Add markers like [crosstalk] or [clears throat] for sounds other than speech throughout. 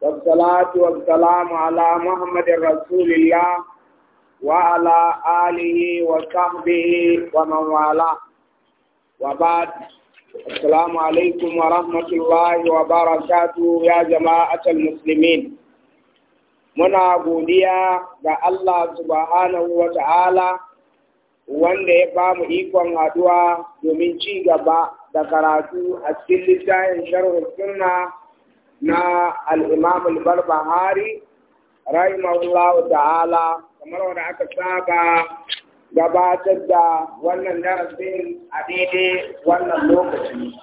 والصلاة والسلام على محمد رسول الله وعلى آله وصحبه ومن والاه وبعد السلام عليكم ورحمة الله وبركاته يا جماعة المسلمين muna godiya ga Allah subhanahu wa wanda ya ba mu ikon haduwa domin ci gaba da karatu a cikin littafin sharhu sunna na al-Imam al-Barbahari rahimahullahu ta'ala kamar wanda aka saba gabatar da wannan darasin a daidai wannan lokaci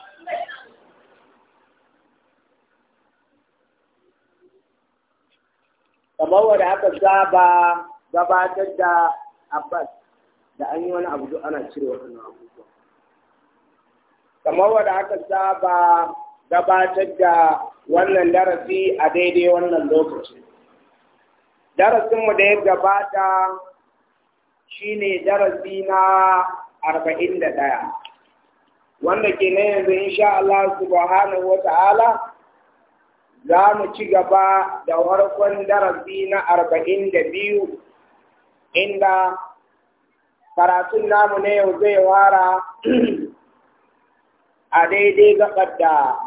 kamar wanda aka saba gabatar da abbas da an yi wani abu ana cire waɗannan abubuwa kamar wanda aka saba gabatar da wannan darasi a daidai wannan lokaci. Darasinmu da ya gabata shi ne darasi na arba'in da ɗaya, wanda ke na yanzu insha Allah subhanahu wa ta'ala za mu ci gaba da warkon darasi na arba'in da biyu inda karatun namu na yau zai wara [clears throat] a daidai gabar da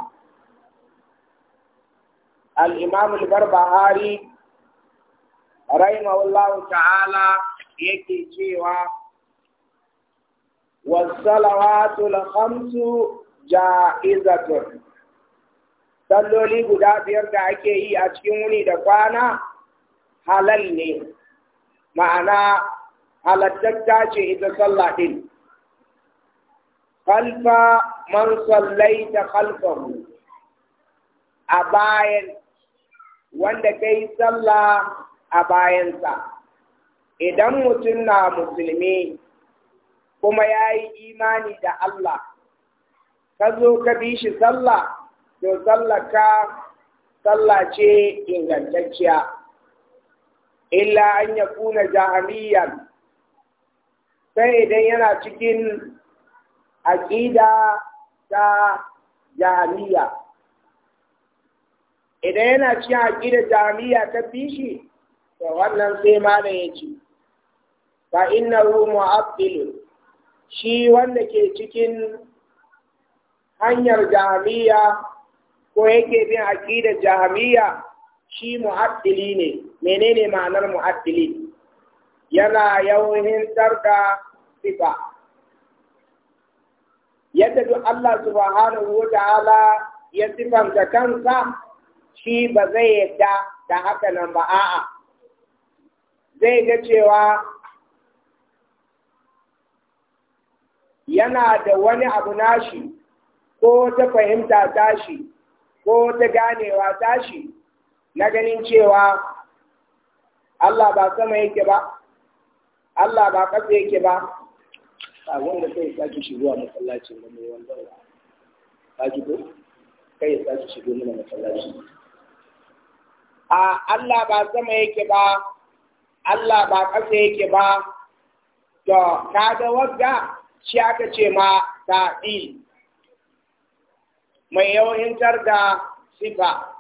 al-imam al-barbahari rahimahullahu ta'ala yake cewa wasalawatul khamsu ja'izatun salloli guda biyar da ake yi a cikin wuni da kwana halal ne ma'ana halattatta ce ita sallah din khalfa ta sallaita khalfahu a bayan wanda ka yi sallah a bayansa idan mutum na musulmi kuma ya yi imani da Allah ka zo ka bi shi sallah to sallah ka sallah ce ingantacciya illa an ya kuna jahamiyan sai idan yana cikin aƙida ta jahamiya idan yana cikin aƙidar jami'a ta bishi da wannan sai da ya ci. ba fa rumu mu'abdil shi wanda ke cikin hanyar jami'a ko yake bin aƙidar jami'a shi mu'addili ne menene ma'anar mu'addili yana yawanin tarka sifa yadda duk Allah subhanahu wa ta'ala ya sifanta kansa shi ba zai yadda da haka nan ba a'a zai ga cewa yana da wani abu nashi ko ta fahimta tashi ko ta ganewa tashi na ganin cewa Allah ba sama yake ba Allah ba ƙasa yake ba a wanda sai sake shigowa masallacin da mai wanda ba ki ko kai ya sake shigo mana masallaci a Allah ba sama yake ba Allah ba ƙasa yake ba to kaga wagga shi aka ce ma ta'il mai yawantar da sifa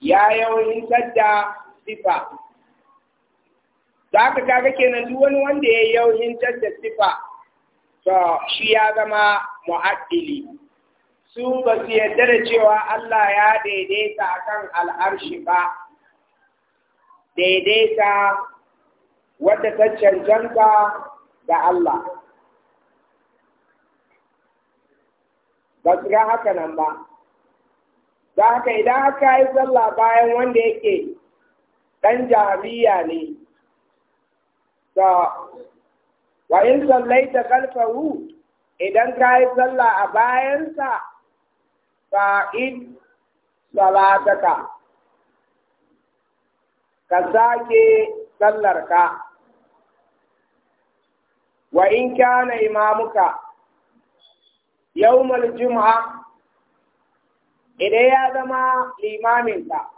ya yawantar da sifa za ka kaga kenan duk wani wanda ya yawantar da sifa to shi ya zama mu'addili su ba su yarda da cewa Allah ya daidaita akan al'arshi ba daidaita wata ta cancanta da Allah ba su ga haka nan ba Za haka idan haka yi sallah bayan wanda yake ɗan jami'a ne da wa in sallaita idan ka yi sallah a bayansa fa'id salataka ka sake sallarka wa in kana imamuka yawmal jum'a idan ya zama limaminka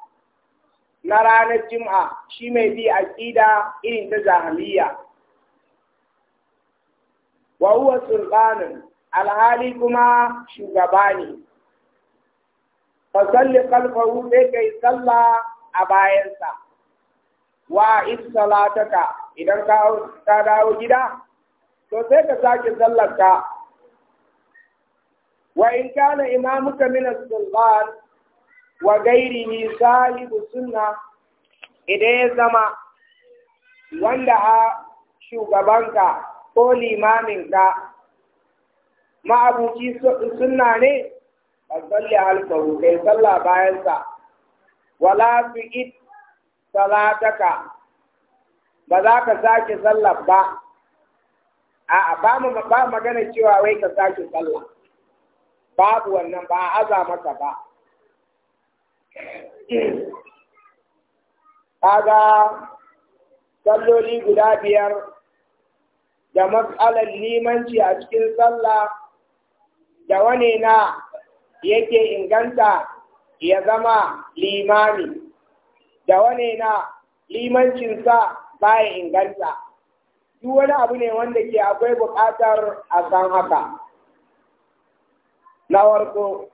na ranar jum'a shi mai bi aqida irin ta jahiliya wa huwa sulbanin alhali kuma shugaba ne fasalli kalfahu sai ka yi sallah a bayansa wa ka, idan ka dawo gida to sai ka sake sallarka wa in kana imamuka min as-sultan wa ghairihi sahibu sunna idan ya zama wanda a shugabanka ko limaminka ma'abuci sunna ne fasalli halkahu kai sallah bayansa wala fi it salataka ba za ka sake sallah ba a ba ba magana cewa wai ka sake sallah babu wannan ba a aza maka ba kaga salloli guda biyar da matsalar limanci a cikin sallah da wane na yake inganta ya zama limani da wane na limancinsa baya inganta duk wani abu ne wanda ke akwai buƙatar a san haka na warko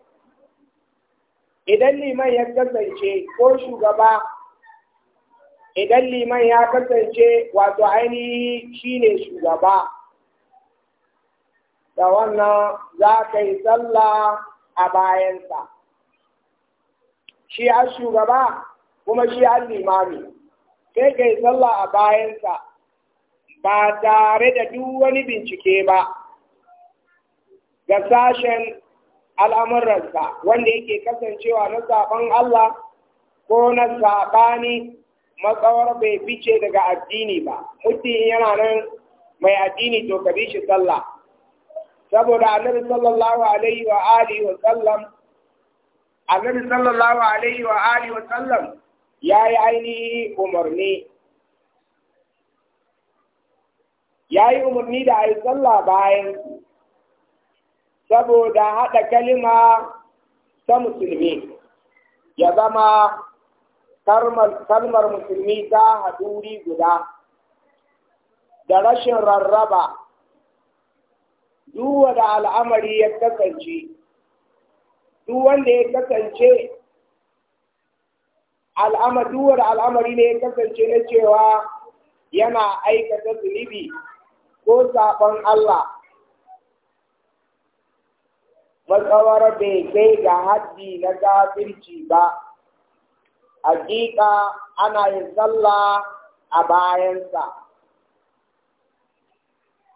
idan liman ya kasance ko shugaba idan liman ya kasance wato ainihi shine shugaba da wannan za ka yi sallah a bayansa shi a shugaba kuma shi a limami sai kai sallah a bayansa ba tare da duk wani bincike ba ga sashen al'amuransa wanda yake kasancewa na sabon Allah ko na saɓani matsawar bai fice daga addini ba mutum yana nan mai addini to ka bi shi sallah saboda annabi sallallahu alaihi wa alihi wa sallam annabi sallallahu alaihi wa alihi wa sallam ya yi ainihi umarni ya yi umarni da a sallah bayan saboda haɗa kalima ta musulmi ya zama kalmar musulmi ta haduri guda da rashin rarraba duk da al'amari ya kasance duk wanda ya kasance al'amari da al'amari ne ya kasance na cewa yana aikata zunubi ko sabon Allah matsawar bai kai ga haddi na kafirci ba hakika ana yin sallah a bayansa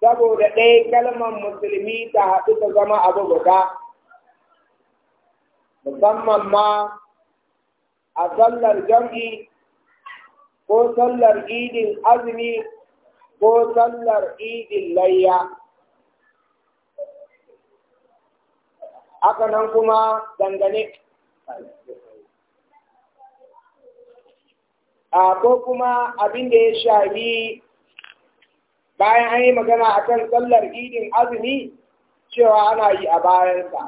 saboda ɗaya kalmar musulmi ta haɗu ta zama abu guda musamman ma a sallar jam'i ko sallar idin azumi ko sallar idin layya haka nan kuma dangane a ko kuma abin da ya shafi bayan an yi magana a kan sallar idin azumi cewa ana yi a bayansa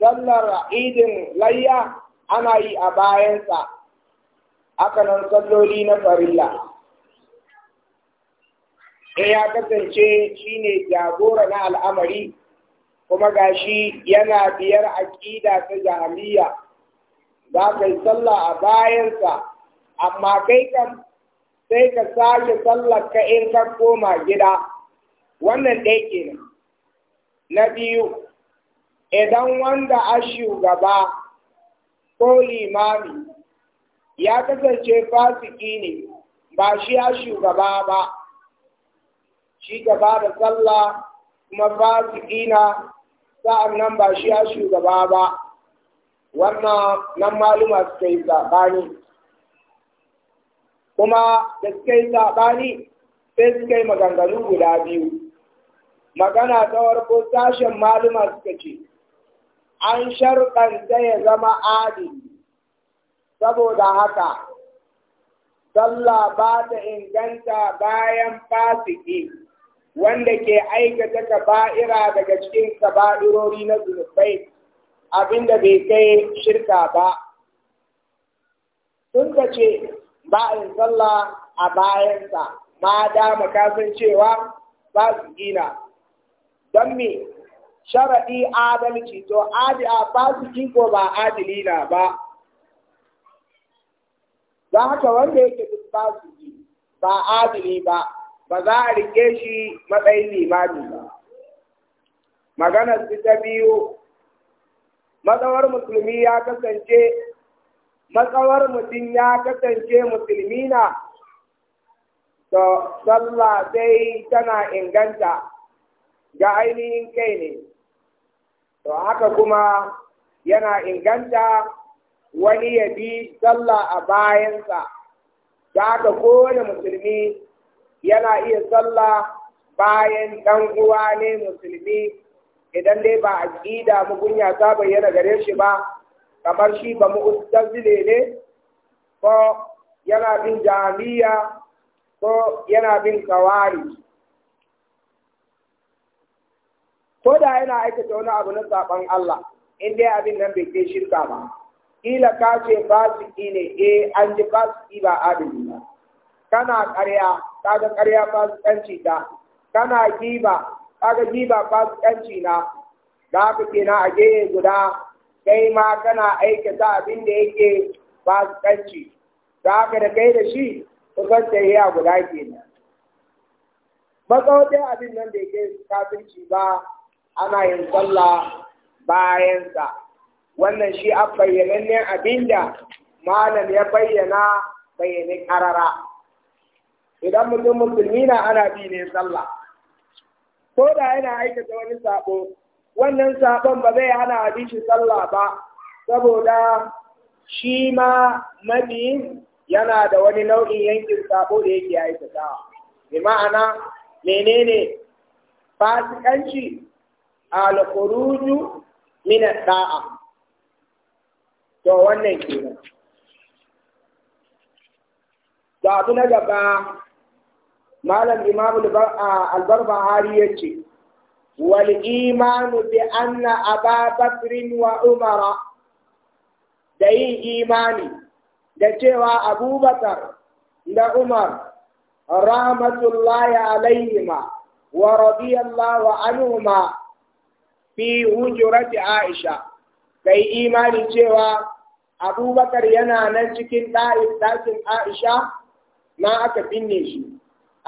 sallar idin layya ana yi a bayansa aka nan salloli na farilla e ya kasance shi ne jagora na al'amari kuma gashi yana biyar aƙida ta jahiliya za ka yi sallah a bayansa amma kai kan sai ka sake sallar ka in ka koma gida wannan ɗaya kenan na biyu idan wanda a shugaba ko limami ya kasance fasiki ne ba shi a shugaba ba shi gaba da sallah kuma fasiki na sa'an nan ba shi a shugaba ba wannan nan maluma suka yi kuma da suka yi saɓani sai suka yi maganganu guda biyu magana ta farko sashen maluma suka ce an ta ya zama adili saboda haka sallah ba ta inganta bayan fasiki wanda ke aikata ba'ira daga cikin kaba'irori na zunubai abinda bai kai shirka ba sun ce ba a yin sallah a bayansa ma dama kasancewa ba su gina don me sharaɗi adalci to adi a fasiki ko ba adili ba za haka wanda yake duk fasiki ba adili ba ba za a riƙe shi matsayin limani ba maganar ta biyu matsawar musulmi ya kasance matsawar mutum ya kasance musulmi na to sallah sai tana inganta ga ainihin kai ne to haka kuma yana inganta wani ya bi sallah a bayansa da haka kowane musulmi yana iya sallah bayan ɗan uwa ne musulmi idan dai ba a ƙida mugunya ta bayyana gare shi ba kamar shi ba mu mu'tazile ne ko yana bin jami'a ko yana bin kawari ko da yana aikata wani abu na saban Allah in dai abin nan bai kai shirka ba kila ka ce fasiki ne eh an ji fasiki ba adali ba kana ƙarya kaga ƙarya fasikanci ta kana giba kaga giba fasikanci na da haka kenan a gehe guda kai ma kana aikata abin da yake kanci ta haka da kai da shi kusan ya guda kenan matsawar abin nan da yake kafinci ba ana yin sallah bayansa wannan shi a bayyanannen abin da malam ya bayyana bayanin karara idan mutum musulmi na ana bi ne sallah ko da yana aikata wani sabo wannan sabon ba zai hana abinci sallah ba saboda shi ma mabi yana da wani nau'in yankin sabo da yake aikata bi ma'ana menene fasikanci al-khuruju min da'a to wannan kenan to abu na gaba malam imamu al-barbahari yace wal iman bi anna aba bakrin wa umara dai imani da cewa abubakar da umar rahmatullahi alaihima wa radiyallahu anhuma fi hujurat aisha dai imani cewa abubakar yana nan cikin dai dakin aisha na aka binne shi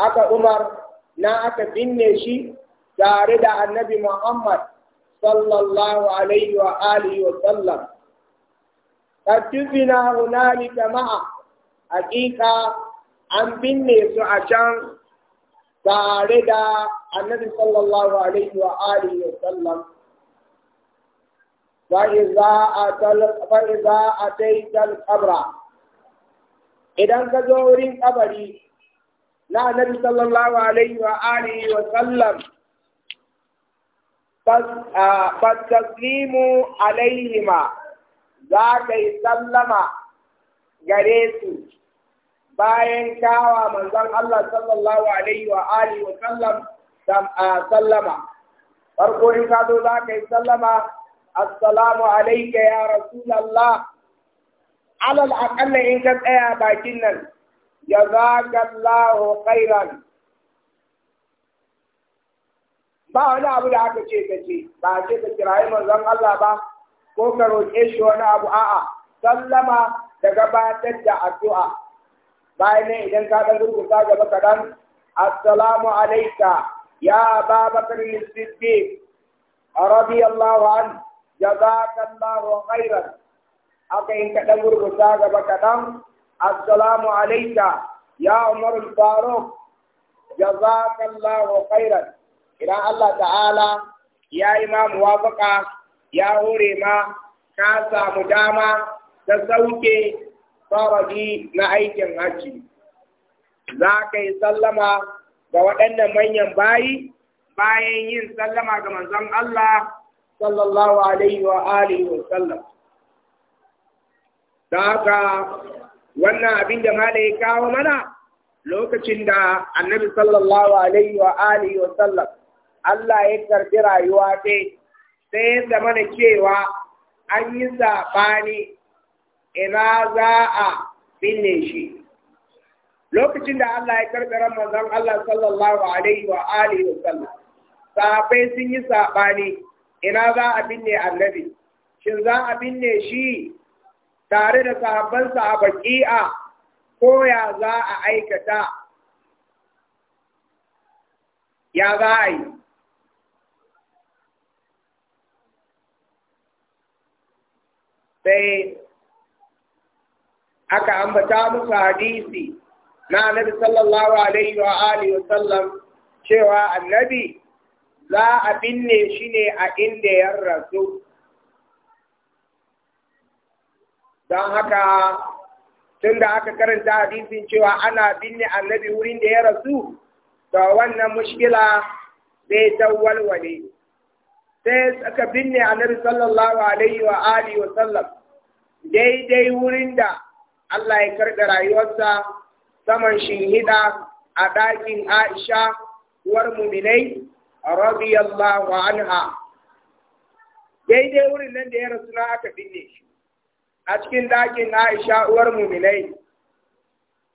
aka umar na aka binne shi tare da annabi Muhammad sallallahu alaihi wa alihi wa sallam katubina hunalika ma'a hakika an binne su a can tare da annabi sallallahu alaihi wa alihi wa sallam fa'iza a taitar kabra idan ka zo wurin kabari na annabi sallallahu alaihi wa alihi wa sallam fastaslimu alaihima za ka yi sallama gare su bayan kawa manzon Allah sallallahu alaihi wa alihi wa sallam sallama farko in za ka yi sallama assalamu alayka ya rasulullah alal aqalla in ka tsaya bakin nan ba wani abu da aka ce kace ba ce ka kirayi manzon Allah ba ko ka roƙe shi wani abu a'a sallama da gabatar da addu'a bayan ne idan ka dan rubuta gaba kaɗan assalamu alayka ya babakar siddiq radiyallahu an jazakallahu khairan aka in ka dan rubuta gaba kaɗan assalamu alayka ya umar faruk jazakallahu khairan idan Allah ta'ala ya yi ma muwafaka ya hore ma ka samu dama ta sauke faraji na aikin hajji za ka yi sallama ga waɗannan manyan bayi bayan yin sallama ga manzon Allah sallallahu alaihi wa alihi wa sallam haka wannan abin da mala ya kawo mana lokacin da annabi sallallahu alaihi wa alihi wa sallam Allah ya karɓi rayuwa ta sai ya mana cewa an yi saɓani ina za a binne shi. Lokacin da Allah ya karɓi ramazan Allah sallallahu alaihi wa alihi wa sallam, safai sun yi saɓani ina za a binne annabi. Shin za a binne shi tare da sahabbansa a baki'a ko ya za a aikata ya za a yi. sai aka ambata musu hadisi na annabi sallallahu alaihi wa alihi wa sallam cewa annabi za a binne shi ne a inda ya rasu don haka tun da aka karanta hadisin cewa ana binne annabi wurin da ya rasu to wannan mushkila sai ta walwale sai aka binne annabi sallallahu alaihi wa alihi wa sallam daidai wurin da Allah ya karɓi rayuwarsa saman shinhida a ɗakin Aisha uwar muminai radiyallahu anha daidai wurin nan da ya rasu na aka binne shi a cikin ɗakin Aisha uwar muminai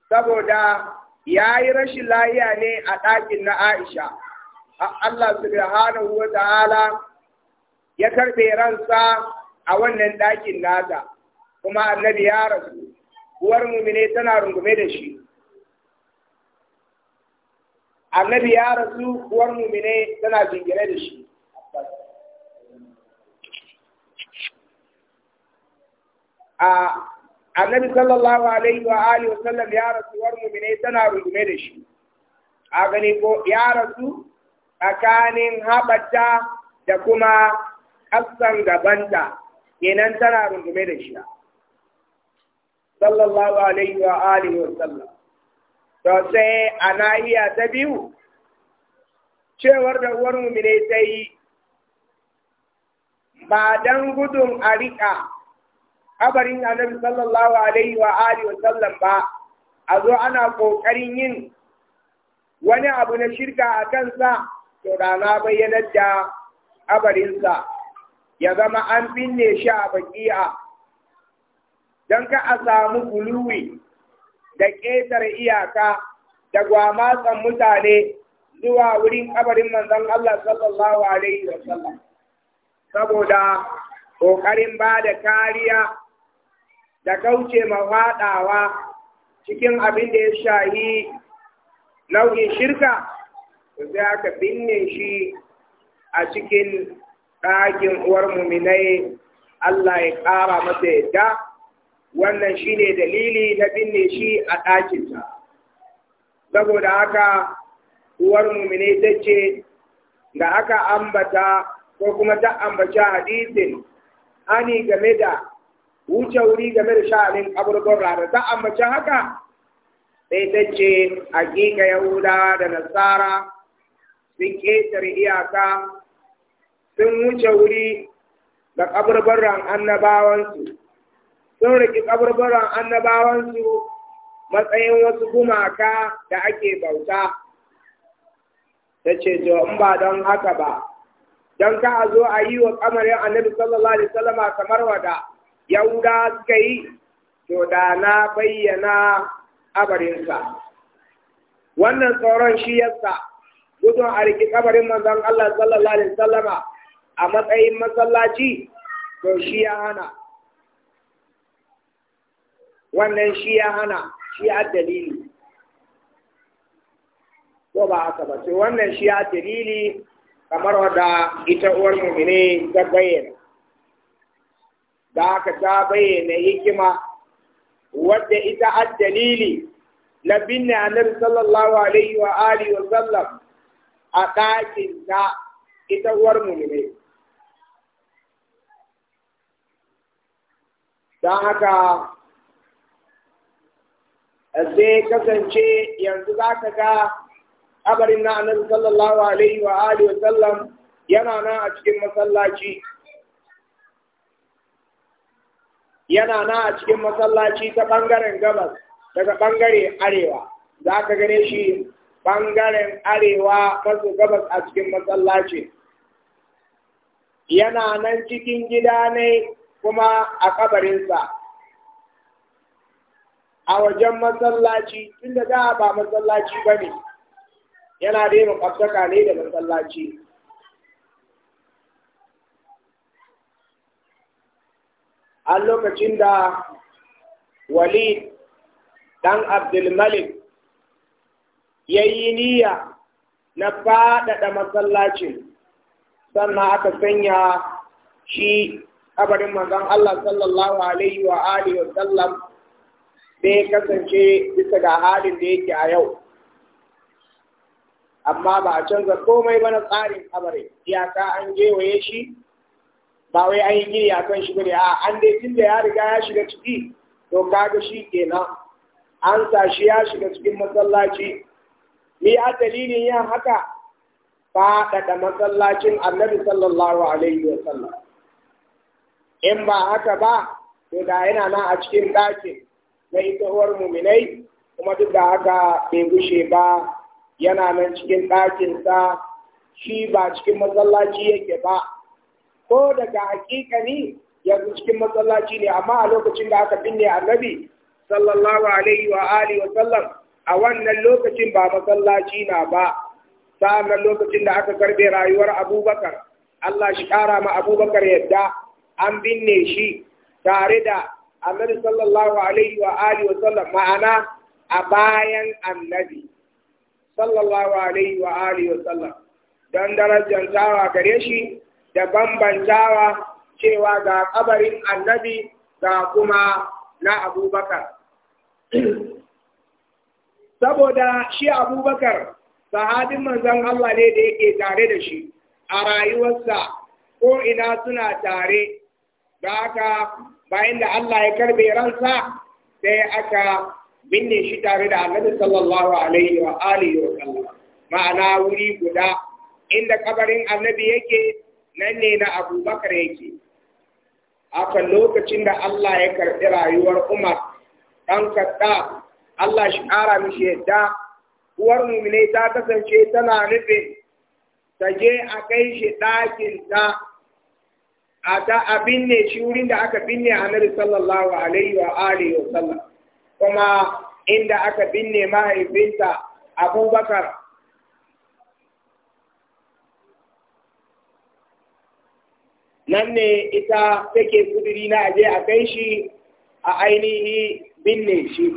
saboda ya yi rashin lahiya ne a ɗakin na Aisha Allah subhanahu wa ta'ala ya karɓe ransa a wannan ɗakin nata kuma annabi ya rasu uwar mumine tana rungume da shi annabi ya rasu uwar mumine tana jingine da shi a annabi sallallahu alaihi wa alihi wa sallam ya rasu uwar mumine tana rungume da shi a gani ko ya rasu tsakanin haɓata da kuma ƙasan gabanta kenan tana rungume da shi sallallahu alaihi wa alihi wa sallam to sai a iya ta biyu cewar da uwar mumine ta yi ba dan gudun a riƙa kabarin annabi sallallahu alaihi wa alihi wa sallam ba a zo ana ƙoƙarin yin wani abu na shirka a kansa to da na bayyana da kabarinsa ya zama an binne shi a baki'a don ka a samu buluwi da ƙetare iyaka da gwamatsan mutane zuwa wurin kabarin manzon Allah sallallahu alaihi wa saboda ƙoƙarin ba da kariya da kauce ma cikin abin da ya shahi nau'in shirka sai aka binne shi a cikin ɗakin uwar muminai Allah ya ƙara masa yadda wannan shi ne dalili na binne shi a ɗakinta saboda haka uwar mumine ta ce da aka ambata ko kuma ta ambaci hadisin ani game da wuce wuri game da sha'anin kaburbar da ta ambaci haka sai ta ce hakika yahuda da nasara sun ƙetare iyaka sun wuce wuri da kaburbarran annabawansu sun riƙi ƙaburburan annabawansu matsayin wasu gumaka da ake bauta ta ce to in ba don haka ba don ka a zo a yi wa kamarin annabi sallallahu alaihi wasallama kamar wada yauda suka yi to da na bayyana abarinsa. wannan tsoron shi yasa gudun a riƙi kabarin manzon Allah sallallahu alaihi a matsayin masallaci to shi ya hana wannan shi ya hana shi ya dalili ko ba haka ba sai wannan shi ya dalili kamar wadda ita uwar mumine ta bayyana da haka ta bayyana hikima wadda ita ad dalili na binne annabi sallallahu alaihi wa alihi wa sallam a ɗakin ta ita uwar mumine don haka sai kasance yanzu za ka ga kabarin na annabi sallallahu alaihi wa alihi wa sallam yana nan a cikin masallaci yana nan a cikin masallaci ta bangaren gabas daga bangare arewa za ka gane shi bangaren arewa maso gabas a cikin masallaci yana nan cikin gida ne kuma a kabarinsa a wajen masallaci tunda da ba masallaci ba ne yana da yin kwafsaka ne da masallaci a lokacin da walid dan abdulmalik ya yi niyya na faɗaɗa masallacin sannan aka sanya shi kabarin manzon Allah sallallahu alaihi wa alihi wa sallam sai kasance bisa ga halin da yake a yau amma ba a canza komai ba na tsarin kabari iyaka an gewaye shi ba wai an yi giri a kan shi bane a an dai tun ya riga ya shiga ciki to kaga shi kenan an sa ya shiga cikin masallaci ni a dalilin yin haka faɗaɗa masallacin annabi sallallahu alaihi wa sallam in ba haka ba to da yana nan a cikin ɗakin na ita muminai kuma duk da haka bai gushe ba yana nan cikin ɗakinsa shi ba cikin masallaci yake ba ko daga hakikani yanzu cikin masallaci ne amma a lokacin da aka binne annabi sallallahu alaihi wa alihi wa sallam a wannan lokacin ba masallaci na ba sa'an lokacin da aka karbe rayuwar abubakar Allah shi ƙara ma abubakar yadda an binne shi tare da annabi sallallahu alaihi wa alihi wa sallam ma'ana a bayan annabi sallallahu alaihi wa alihi wa sallam don darajantawa gare shi da bambantawa cewa ga kabarin annabi ga kuma na abubakar [clears throat] saboda shi abubakar sahabin manzon Allah ne da yake tare da shi a rayuwarsa ko ina suna tare da haka bayan da Allah ya karbe ransa sai aka binne shi tare da annabi sallallahu alaihi wa alihi wa sallam ma'ana wuri guda inda kabarin annabi yake nan ne na bakar yake aka lokacin da Allah ya karɓi rayuwar Umar ɗan kadda, Allah shi ƙara mishi yadda uwar mumine ta kasance tana nufin ta je a kai shi ɗakin ta a ta a binne shi wurin da aka binne annabi sallallahu alaihi wa alihi wa sallam kuma inda aka binne mahaifinta abubakar nan ne ita take kudiri na aje a kai shi a ainihi binne shi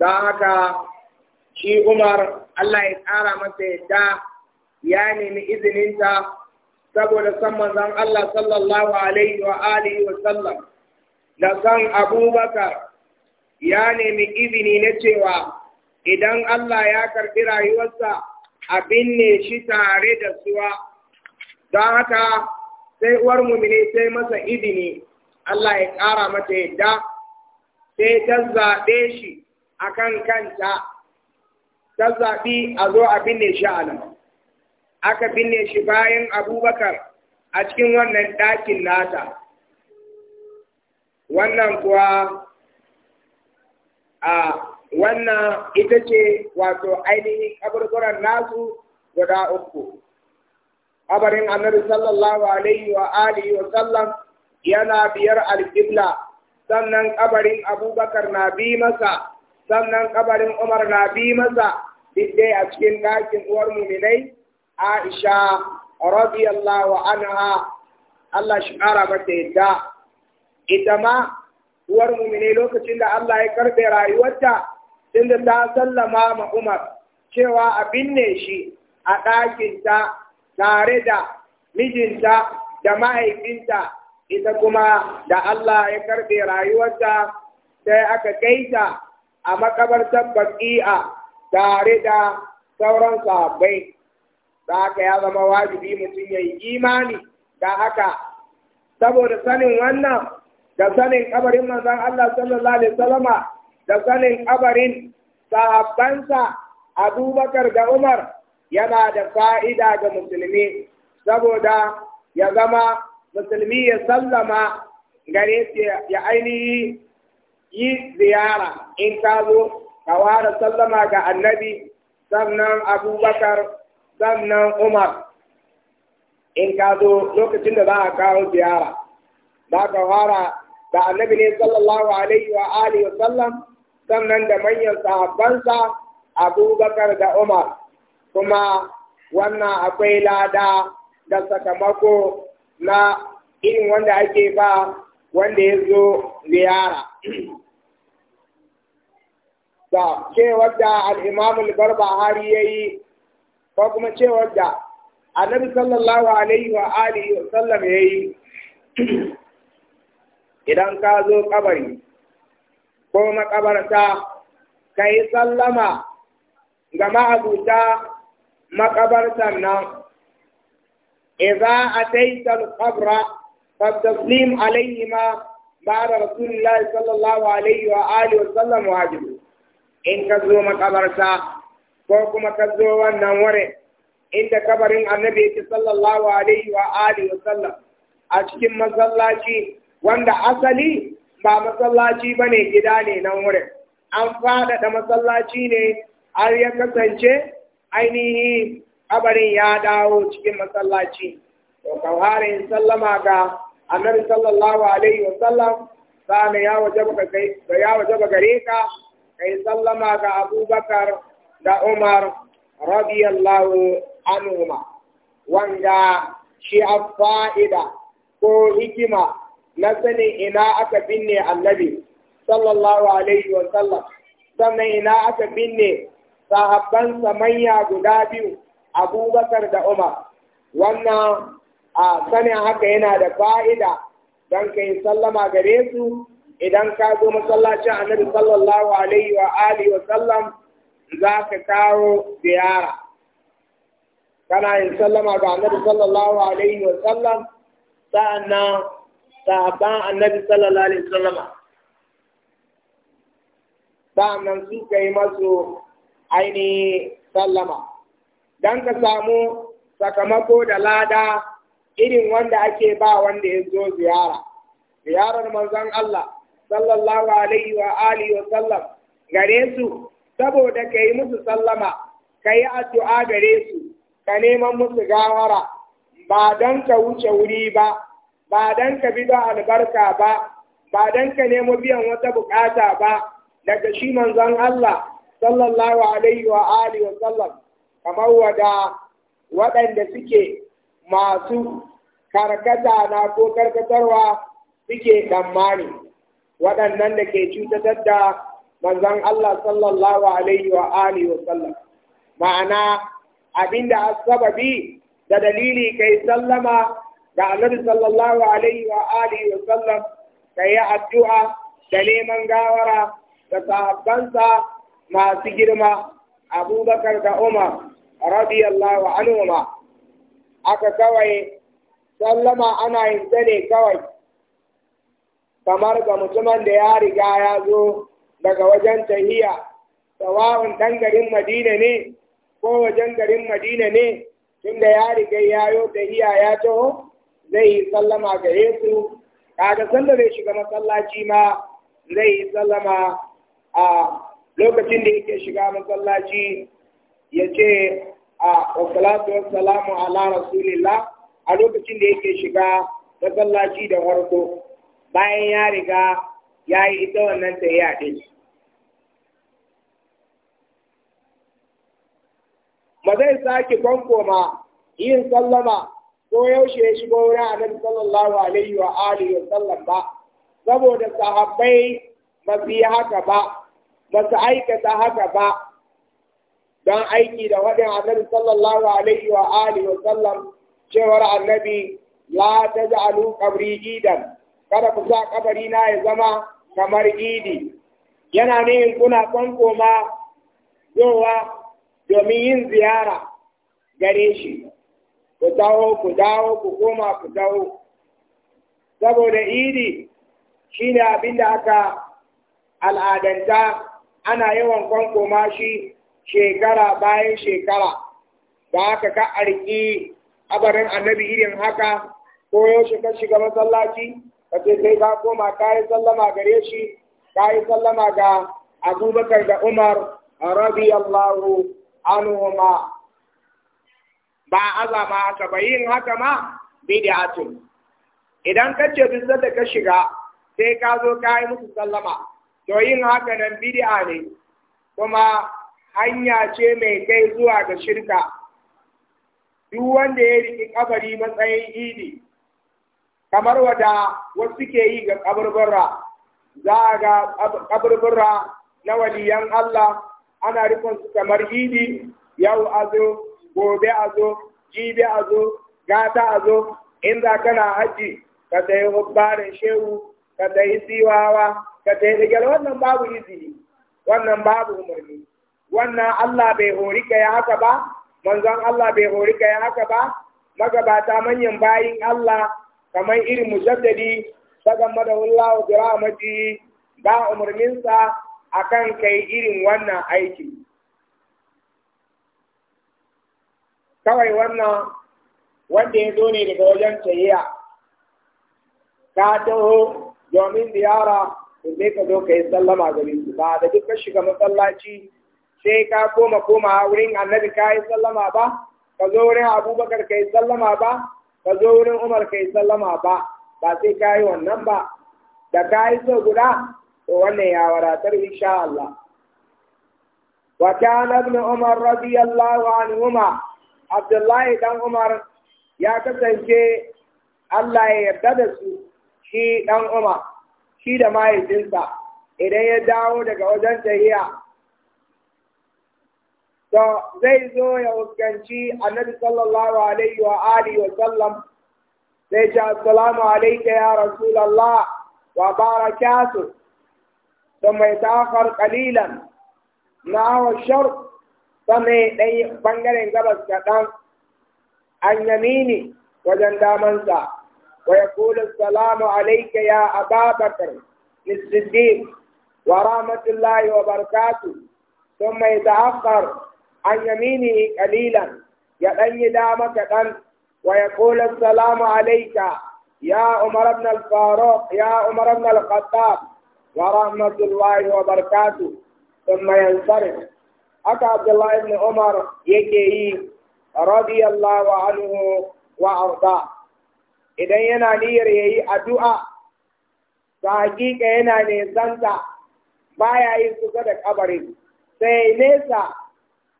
don haka shi umar allah ya tsara masa yadda ya nemi izininta saboda san manzon Allah sallallahu alaihi wa alihi wa sallam da san Abubakar ya nemi izini na cewa idan Allah ya karɓi rayuwarsa a binne shi tare da suwa don haka sai uwar mumini sai masa izini Allah ya ƙara mata yadda sai ta zaɓe shi a kan kanta ta zaɓi a zo a binne shi a aka binne shi bayan abubakar a cikin wannan ɗakin nata wannan kuwa a wannan ita ce wato ainihin kaburburan nasu guda uku kabarin annabi sallallahu alaihi wa alihi wa sallam yana biyar alƙibla sannan kabarin abubakar na bi masa sannan kabarin umar na bi masa duk dai a cikin ɗakin uwar muminai Aisha radiyallahu anha Allah shi ƙara mata yadda ita ma uwar ne lokacin da Allah ya karɓe rayuwarta tunda ta sallama ma Umar cewa a binne shi a ɗakinta tare da mijinta da mahaifinta ita kuma da Allah ya karɓe rayuwarta sai aka gaita a makabartar a tare da sauran sahabbai da haka ya zama wajibi mutum ya yi imani da haka saboda sanin wannan da sanin kabarin manzon Allah sallallahu alaihi wasallama da sanin kabarin sahabbansa Abubakar da Umar yana da fa'ida ga musulmi saboda ya zama musulmi ya sallama gare su ya ainihi yi ziyara in ka zo ka ware sallama ga annabi sannan abubakar sannan Umar in ka zo lokacin da za a kawo ziyara za ka fara da annabi ne sallallahu alaihi wa alihi wa sallam sannan da manyan sahabbansa Abubakar da Umar kuma wannan akwai lada da sakamako na irin wanda ake ba wanda ya zo ziyara. Da, ce wadda al'imamul barbahari ya yi ko kuma cewar da annabi sallallahu alaihi wa alihi wa sallam yayi [clears throat] idan ka zo kabari ko makabarta kai sallama ga ma'abuta makabartan nan idza ataita al-qabra fa Alayhi alayhima ba'da rasulillahi sallallahu alaihi wa alihi wa sallam wajib in ka zo makabarta ko kuma ka zo wannan wurin inda kabarin annabi yake sallallahu alaihi wa alihi wa sallam a cikin masallaci wanda asali ba masallaci bane gida ne nan wurin an faɗaɗa masallaci ne har ya kasance ainihi kabarin ya dawo cikin masallaci to kawarin sallama ga annabi sallallahu alaihi wa sallam sana ya wajaba ga ya wajaba gare ka kai sallama ga abubakar da Umar radiyallahu Anuma, wanda shi a fa'ida ko hikima na sanin ina aka binne annabi sallallahu alaihi wa sallam sannan ina aka binne sahabban manya guda biyu abubakar da umar wannan a sanin haka yana da fa'ida don ka yi sallama gare su idan ka zo masallacin annabi sallallahu alaihi wa sallam za ka kawo ziyara kana yin sallama ga annabi sallallahu alaihi wa sallam sa'annan sahabban annabi sallallahu alaihi wa sallama sa'annan su ka yi masu ainihin sallama don ka samu sakamako da lada irin wanda ake ba wanda ya zo ziyara ziyarar manzon Allah sallallahu alaihi wa alihi wa sallam gare su saboda ka yi musu sallama ka yi addu'a gare su ka neman musu gawara ba don ka wuce wuri ba ba don ka bi don albarka ba ba don ka nemo biyan wata bukata ba daga shi manzon Allah sallallahu alaihi wa alihi wa sallam kamar wada waɗanda suke masu karkata na ko karkatarwa suke tsammani waɗannan da ke cutatar da manzon Allah sallallahu alaihi wa alihi wa sallam ma'ana abinda asbabi da dalili kai sallama ga Annabi sallallahu alaihi wa alihi wa sallam kai addu'a da neman gawara da sahabbansa masu girma Abubakar da Umar radiyallahu anhuma aka kawai sallama ana yin ne kawai kamar ga mutumin da ya riga ya zo daga wajen tahiya sawa'un ɗan garin madina ne ko wajen garin madina ne tunda ya riga ya yo tahiya ya taho zai yi sallama ga yesu kaga sanda zai shiga masallaci ma zai yi sallama a lokacin da yake shiga masallaci ya ce a wasalatu wasalamu ala rasulillah a lokacin da yake shiga masallaci da farko bayan ya riga ya yi ita wannan haɗe ɗin. Ba zai sake ma yin sallama ko yaushe ya shigo wurin annabi sallallahu alaihi wa alihi wa sallam ba saboda sahabbai ba su yi haka ba ba su aikata haka ba don aiki da waɗin annabi sallallahu alaihi wa alihi wa sallam cewar annabi la taj'alu qabri idan kada ku sa kabari na ya zama kamar idi yana nihin kuna kwankoma yowa domin yin ziyara gare shi ku taho ku dawo ku koma ku taho saboda idi shine abin da aka al'adanta ana yawan kwankoma shi shekara bayan shekara da aka ka arki abarin annabi irin haka ko yaushe ka shiga masallaci kace sai ka koma kai sallama gare shi kai sallama ga Abubakar da Umar radiyallahu anhuma ba azama haka ba yin haka ma bid'atu idan kace ce bisa da ka shiga sai ka zo ka musu sallama to yin haka nan bid'a ne kuma hanya ce mai kai zuwa ga shirka duk wanda ya riki kabari matsayin idi kamar wada wasu ke yi ga kaburbura za a ga kaburbura na waliyan Allah ana rikon su kamar idi yau a zo gobe a zo jibi a zo gata a zo in za kana haji ka sayi hubbarin shehu ka sayi siwawa ka sayi rigar wannan babu izini wannan babu umarni wannan Allah bai hori ka ya haka ba manzon Allah bai hori ka ya haka ba magabata manyan bayin Allah kamar irin mujaddadi sagan madawullahu bi rahmati ba umarninsa akan kai irin wannan aiki kawai wannan wanda ya zo ne daga wajen tayyiya ka taho domin ziyara to sai ka zo ka yi sallama gare su ba da duk ka shiga masallaci sai ka koma koma wurin annabi ka yi sallama ba ka zo wurin abubakar ka yi sallama ba ka zo wurin Umar kai sallama ba ba sai ka yi wannan ba da ka yi so guda to wannan ya wadatar insha Allah wa kana ibn Umar radiyallahu ma Abdullahi dan Umar ya kasance Allah ya yarda da su shi dan Umar shi da mahaifinsa idan ya dawo daga wajen tahiya to zai zo ya huskanci annabi sallallahu alaihi wa alihi wa sallam zai ce assalamu alayka ya rasulullah wa barakatuh Na يتأخر قليلا نحو الشرق ثم بنجرين قبس كتان عن يميني wajen damansa wa ya kula salamu alaika ya ababakar nisiddiq wa rahmatullahi wa barakatu sun mai ta'akkar an yamini qalilan ya ɗan yi dama kaɗan wa ya salamu alaika ya umar ibn al ya umar ibn al wa rahmatullahi wa barakatuh haka abdullahi ibn umar yake yi radiyallahu anhu wa arda idan yana niyyar yayi addu'a ta hakika yana ne zanta baya yi kusa da kabarin sai nesa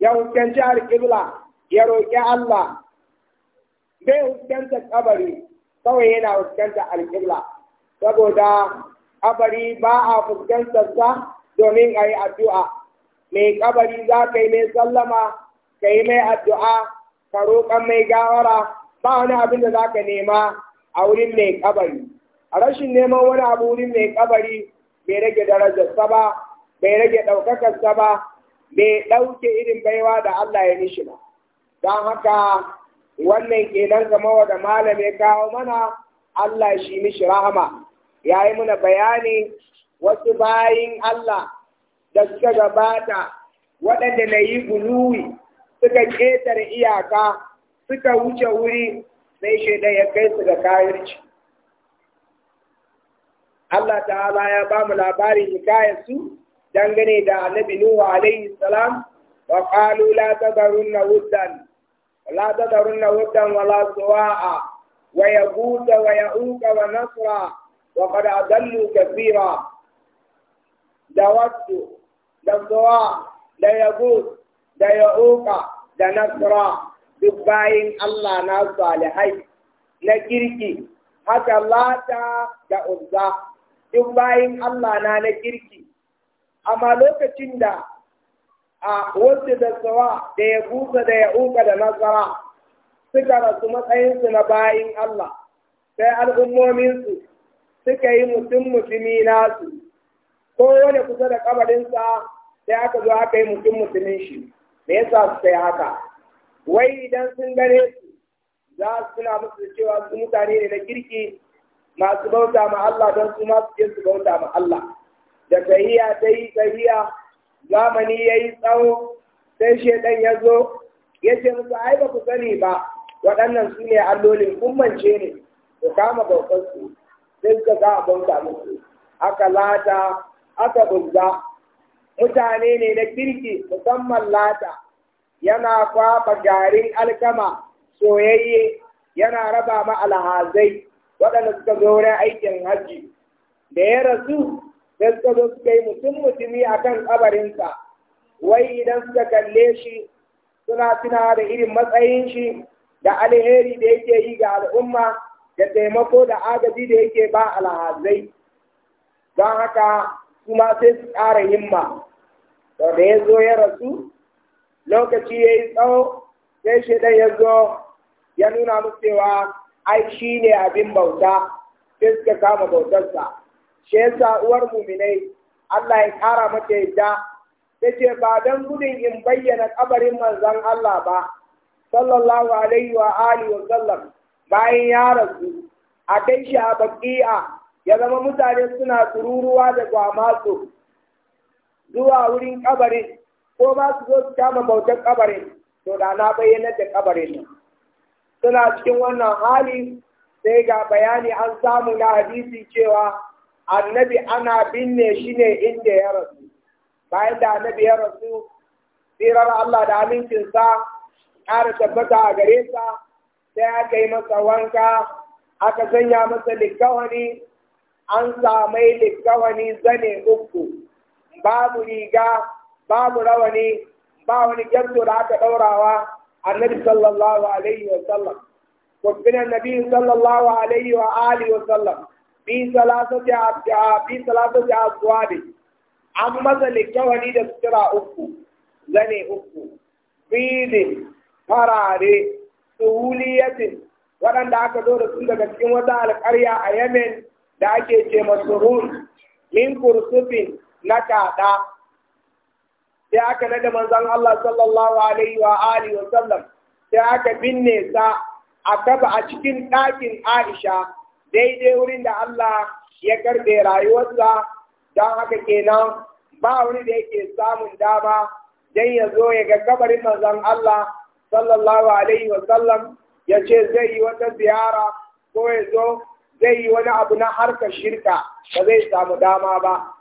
ya huskanci alƙibla ya roƙi Allah bai huskanta kabari kawai yana huskanta alƙibla saboda kabari ba a fuskantar sa domin a yi addu'a mai kabari za ka yi mai sallama ka yi mai addu'a ka roƙan mai gawara ba wani abin da za ka nema a wurin mai kabari a rashin neman wani abu wurin mai kabari bai rage darajarsa ba bai rage ɗaukakarsa ba bai ɗauke irin baiwa da Allah ya nishi ba don haka wannan kenan wa da malam ya kawo mana Allah shi nishi rahama ya yi muna bayani wasu bayin Allah da suka gabata waɗanda na yi guluwi suka ƙetare iyaka suka wuce wuri sai shaidan ya kai su ga kayarci. Allah ta'ala ya ba mu labarin hikayar su dangane da annabi Nuhu Alayhi salam wa qalu la tadarunna wuddan la tadarunna wuddan wala suwa'a wa yaghutha wa yauka wa nasra wa qad adallu kathira da wattu da suwa da yaghut da ya'uqa da nasra duk bayin Allah na salihai na kirki haka lata da uzza duk bayin Allah na na kirki amma lokacin da a wasu da tsawa da ya kusa da ya uka da nasara suka rasu matsayinsu na bayin Allah sai al'ummominsu suka yi mutum mutumi nasu kowane kusa da kabarinsa sai aka zo aka yi mutum mutumin shi me yasa suka yi haka wai idan sun gane su za su suna musu da cewa su mutane ne na kirki masu bauta ma Allah don su masu je su bauta ma Allah da tahiya ta yi tahiya zamani ya yi tsawo sai shaidan ya zo ya ce musu ai ba ku sani ba waɗannan su ne allolin kummance ne su kama bautansu su sai suka za a bauta musu aka lata aka buzza mutane ne na kirki musamman lata yana kwaɓa garin alkama soyayye yana raba ma alhazai waɗanda suka zo wurin aikin hajji da ya rasu sai suka zo suka yi mutum mutumi a kan kabarinsa wai idan suka kalle shi suna tunawa da irin matsayin shi da alheri da yake yi ga al'umma da taimako da agaji da yake ba alhazai don haka kuma sai su ƙara himma da da ya zo ya rasu lokaci ya yi tsawo sai shaidan ya zo ya nuna musu cewa ai shi ne abin bauta sai suka kama bautarsa she yasa uwar muminai Allah ya kara mata yadda tace ba don gudun in bayyana kabarin manzon Allah ba sallallahu alaihi wa alihi wa sallam bayan ya rasu a kai shi a baki'a ya zama mutane suna tururuwa da gwamasu zuwa wurin kabarin ko ba su zo su kama bautar kabarin to da na bayyana da kabarin suna cikin wannan hali sai ga bayani an samu na hadisi cewa annabi ana binne shi ne inda ya rasu bayan da annabi ya rasu tsirar Allah da amincinsa ƙara tabbata a gare sa sai aka yi masa wanka aka sanya masa likawani an samai likawani zane uku babu riga babu rawani ba wani gyamto da aka ɗaurawa annabi sallallahu alaihi wa sallam wa bin annabi sallallahu alaihi wa alihi wa sallam fi salasati abda fi salasati an masa likawani da sutura uku zane uku bidin farare suhuliyatin waɗanda aka zo da su daga cikin wata alƙarya a yemen da ake ce masu run min na kaɗa sai aka nada manzon Allah sallallahu alaihi sai aka binne sa a kaba a cikin ɗakin Aisha daidai wurin da Allah ya karbe rayuwarsa don haka kenan ba wani da yake samun dama don ya zo ya ga kabarin manzon Allah sallallahu alaihi wa ya ce zai yi wata ziyara ko ya zo zai yi wani abu na harkar shirka ba zai samu dama ba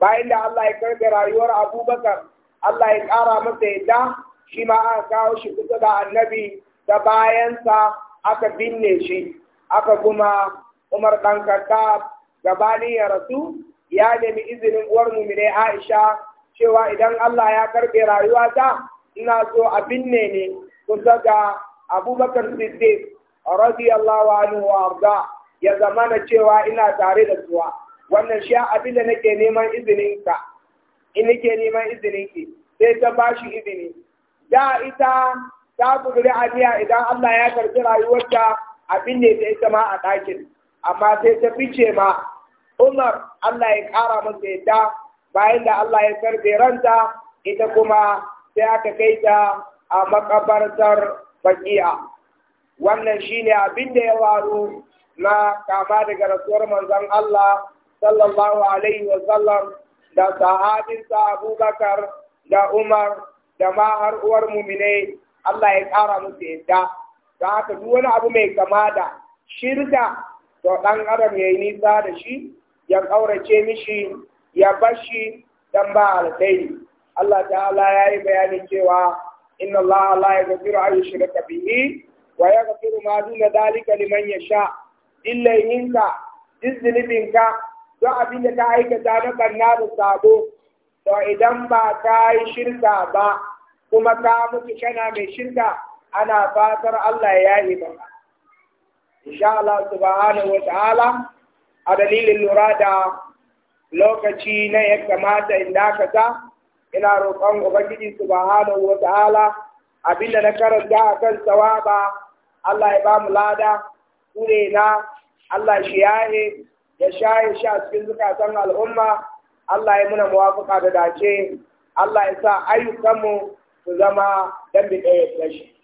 bayan da Allah ya karbe rayuwar Abubakar Allah ya ƙara masa yadda shi ma aka kawo shi kusa da annabi da bayansa aka binne shi aka kuma Umar ɗan Khattab gabanin ya rasu ya nemi izinin uwar mu ne Aisha cewa idan Allah ya karɓe rayuwata ina so a binne ne kusa ga Abubakar Siddiq radiyallahu anhu wa arda ya zamana cewa ina tare da suwa wannan shi abin da nake neman izinin ka in nake neman izinin ki sai ta bashi izini da ita ta a aniya idan Allah ya karɓi rayuwarta abin ne da ita ma a ɗakin amma sai ta fice ma Umar Allah ya ƙara masa yadda bayan da Allah ya karbe ranta ita kuma sai aka kai ta a makabartar baki'a wannan shine abin da ya waru na kama daga rasuwar manzon Allah sallallahu alaihi wa sallam da sahabinsa Abubakar da Umar da ma har uwar mumine Allah ya ƙara musu yadda da haka duk wani abu mai kama da shirka to ɗan adam ya yi nisa da shi ya ƙaurace mishi ya bashi dan ba alkai Allah ta'ala ya yi bayanin cewa inna Allah la yaghfiru an yushraka bihi wa yaghfiru ma duna dalika liman yasha illa yinka iznibinka don abin da ka aikata na banna da sabo to idan ba ka yi shirka ba kuma ka mutu kana mai shirka ana fatar Allah ya yi ba insha Allah subhanahu wa ta'ala a dalilin lura da lokaci na ya kamata in dakata ina roƙon ubangiji subhanahu wa ta'ala abinda na karanta akan tsawaba. Allah ya ba mu lada kure na Allah shi ya shaye shi a cikin zukatan al'umma Allah ya muna muwafuka da dace Allah ya sa ayyukanmu su zama dambe ɗaya da shi